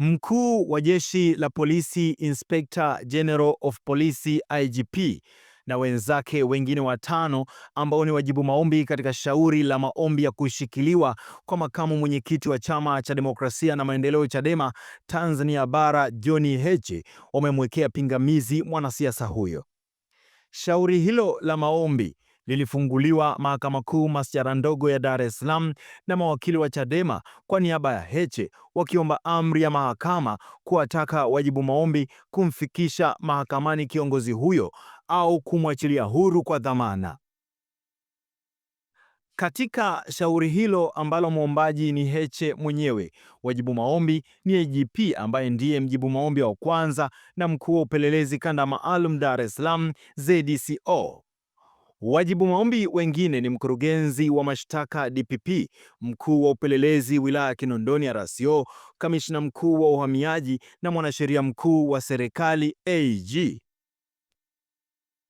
Mkuu wa Jeshi la Polisi Inspector General of Police IGP na wenzake wengine watano ambao ni wajibu maombi katika shauri la maombi ya kushikiliwa kwa makamu mwenyekiti wa Chama cha Demokrasia na Maendeleo Chadema Tanzania Bara John Heche wamemwekea pingamizi mwanasiasa huyo. Shauri hilo la maombi lilifunguliwa Mahakama Kuu masjara ndogo ya Dar es Salaam na mawakili wa Chadema kwa niaba ya Heche wakiomba amri ya mahakama kuwataka wajibu maombi kumfikisha mahakamani kiongozi huyo au kumwachilia huru kwa dhamana. Katika shauri hilo ambalo mwombaji ni Heche mwenyewe, wajibu maombi ni IGP ambaye ndiye mjibu maombi wa kwanza na mkuu wa upelelezi kanda maalum Dar es Salaam ZDCO. Wajibu maombi wengine ni mkurugenzi wa mashtaka DPP, mkuu wa upelelezi wilaya ya Kinondoni RCO, kamishna mkuu wa uhamiaji na mwanasheria mkuu wa serikali AG.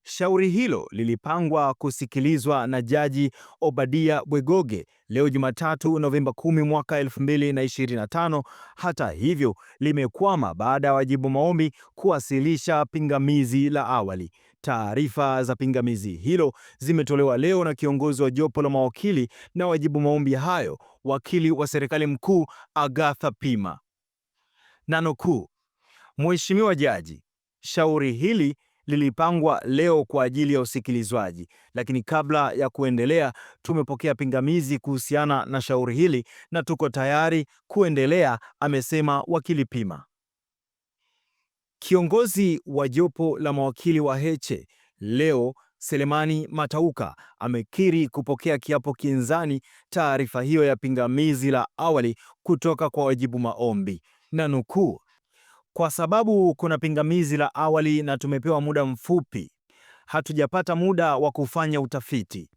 Shauri hilo lilipangwa kusikilizwa na Jaji Obadia Bwegoge leo Jumatatu Novemba 10 mwaka 2025. Hata hivyo, limekwama baada ya wajibu maombi kuwasilisha pingamizi la awali. Taarifa za pingamizi hilo zimetolewa leo na kiongozi wa jopo la mawakili na wajibu maombi hayo, wakili wa serikali mkuu Agatha Pima. Nanukuu, Mheshimiwa Jaji, shauri hili lilipangwa leo kwa ajili ya usikilizwaji, lakini kabla ya kuendelea, tumepokea pingamizi kuhusiana na shauri hili na tuko tayari kuendelea, amesema wakili Pima. Kiongozi wa jopo la mawakili wa Heche leo Selemani Matauka amekiri kupokea kiapo kinzani taarifa hiyo ya pingamizi la awali kutoka kwa wajibu maombi, na nukuu, kwa sababu kuna pingamizi la awali na tumepewa muda mfupi, hatujapata muda wa kufanya utafiti,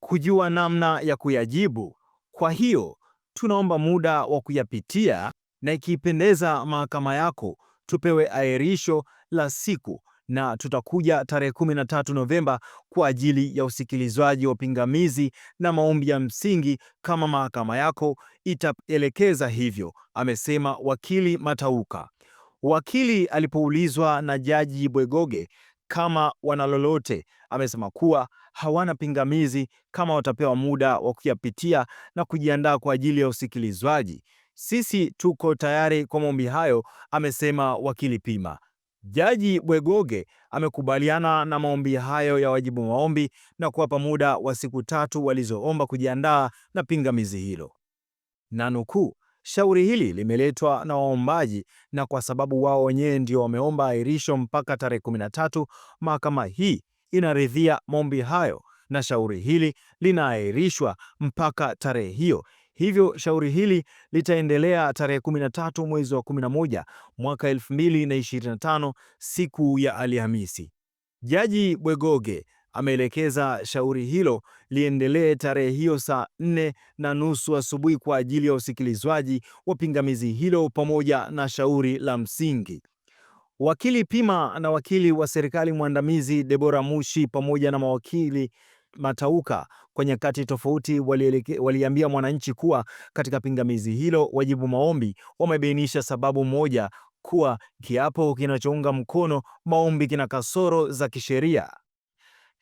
kujua namna ya kuyajibu. Kwa hiyo tunaomba muda wa kuyapitia na ikiipendeza mahakama yako tupewe ahirisho la siku na tutakuja tarehe 13 Novemba kwa ajili ya usikilizwaji wa pingamizi na maombi ya msingi kama mahakama yako itaelekeza hivyo, amesema wakili Matauka. Wakili alipoulizwa na Jaji Bwegoge kama wana lolote, amesema kuwa hawana pingamizi kama watapewa muda wa kuyapitia na kujiandaa kwa ajili ya usikilizwaji. Sisi tuko tayari kwa maombi hayo, amesema wakili Pima. Jaji Bwegoge amekubaliana na maombi hayo ya wajibu maombi na kuwapa muda wa siku tatu walizoomba kujiandaa na pingamizi hilo, na nukuu, shauri hili limeletwa na waombaji na kwa sababu wao wenyewe ndio wameomba ahirisho mpaka tarehe 13, mahakama hii inaridhia maombi hayo na shauri hili linaahirishwa mpaka tarehe hiyo Hivyo shauri hili litaendelea tarehe 13 mwezi wa 11 mwaka 2025 siku ya Alhamisi. Jaji Bwegoge ameelekeza shauri hilo liendelee tarehe hiyo saa nne na nusu asubuhi kwa ajili ya usikilizwaji wa pingamizi hilo pamoja na shauri la msingi. Wakili Pima na wakili wa serikali mwandamizi Debora Mushi pamoja na mawakili Matauka kwa nyakati tofauti waliambia mwananchi kuwa katika pingamizi hilo wajibu maombi wamebainisha sababu moja kuwa kiapo kinachounga mkono maombi kina kasoro za kisheria.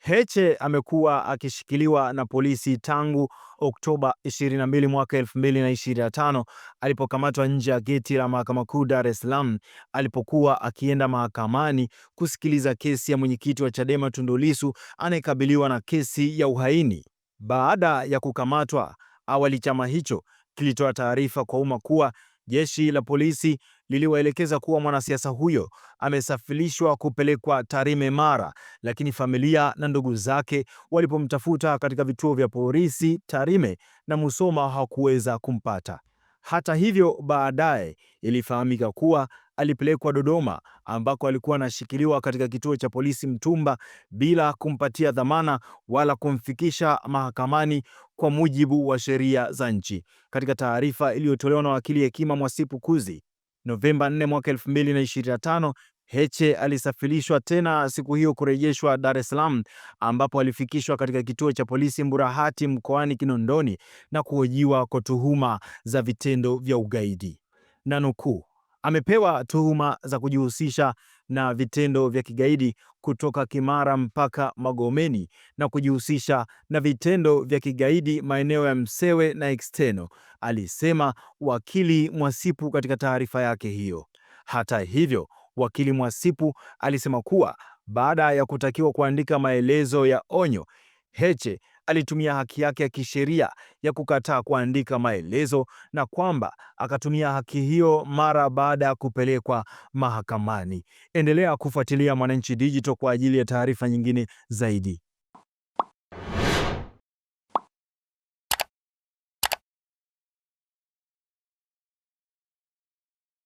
Heche amekuwa akishikiliwa na polisi tangu Oktoba 22 mwaka 2025 alipokamatwa nje ya geti la Mahakama Kuu Dar es Salaam alipokuwa akienda mahakamani kusikiliza kesi ya mwenyekiti wa Chadema Tundu Lissu anayekabiliwa na kesi ya uhaini. Baada ya kukamatwa, awali chama hicho kilitoa taarifa kwa umma kuwa jeshi la polisi liliwaelekeza kuwa mwanasiasa huyo amesafirishwa kupelekwa Tarime Mara, lakini familia na ndugu zake walipomtafuta katika vituo vya polisi Tarime na Musoma hakuweza kumpata. Hata hivyo, baadaye ilifahamika kuwa alipelekwa Dodoma ambako alikuwa anashikiliwa katika kituo cha polisi Mtumba bila kumpatia dhamana wala kumfikisha mahakamani kwa mujibu wa sheria za nchi. Katika taarifa iliyotolewa na wakili Hekima Mwasipu Kuzi, Novemba 4 mwaka 2025, Heche alisafirishwa tena siku hiyo kurejeshwa Dar es Salaam ambapo alifikishwa katika kituo cha polisi Mburahati mkoani Kinondoni na kuhojiwa kwa tuhuma za vitendo vya ugaidi na nukuu amepewa tuhuma za kujihusisha na vitendo vya kigaidi kutoka Kimara mpaka Magomeni na kujihusisha na vitendo vya kigaidi maeneo ya Msewe na eksteno alisema wakili Mwasipu katika taarifa yake hiyo. Hata hivyo, wakili Mwasipu alisema kuwa baada ya kutakiwa kuandika maelezo ya onyo, Heche alitumia haki yake ya kisheria ya kukataa kuandika maelezo na kwamba akatumia haki hiyo mara baada ya kupelekwa mahakamani. Endelea kufuatilia Mwananchi Digital kwa ajili ya taarifa nyingine zaidi.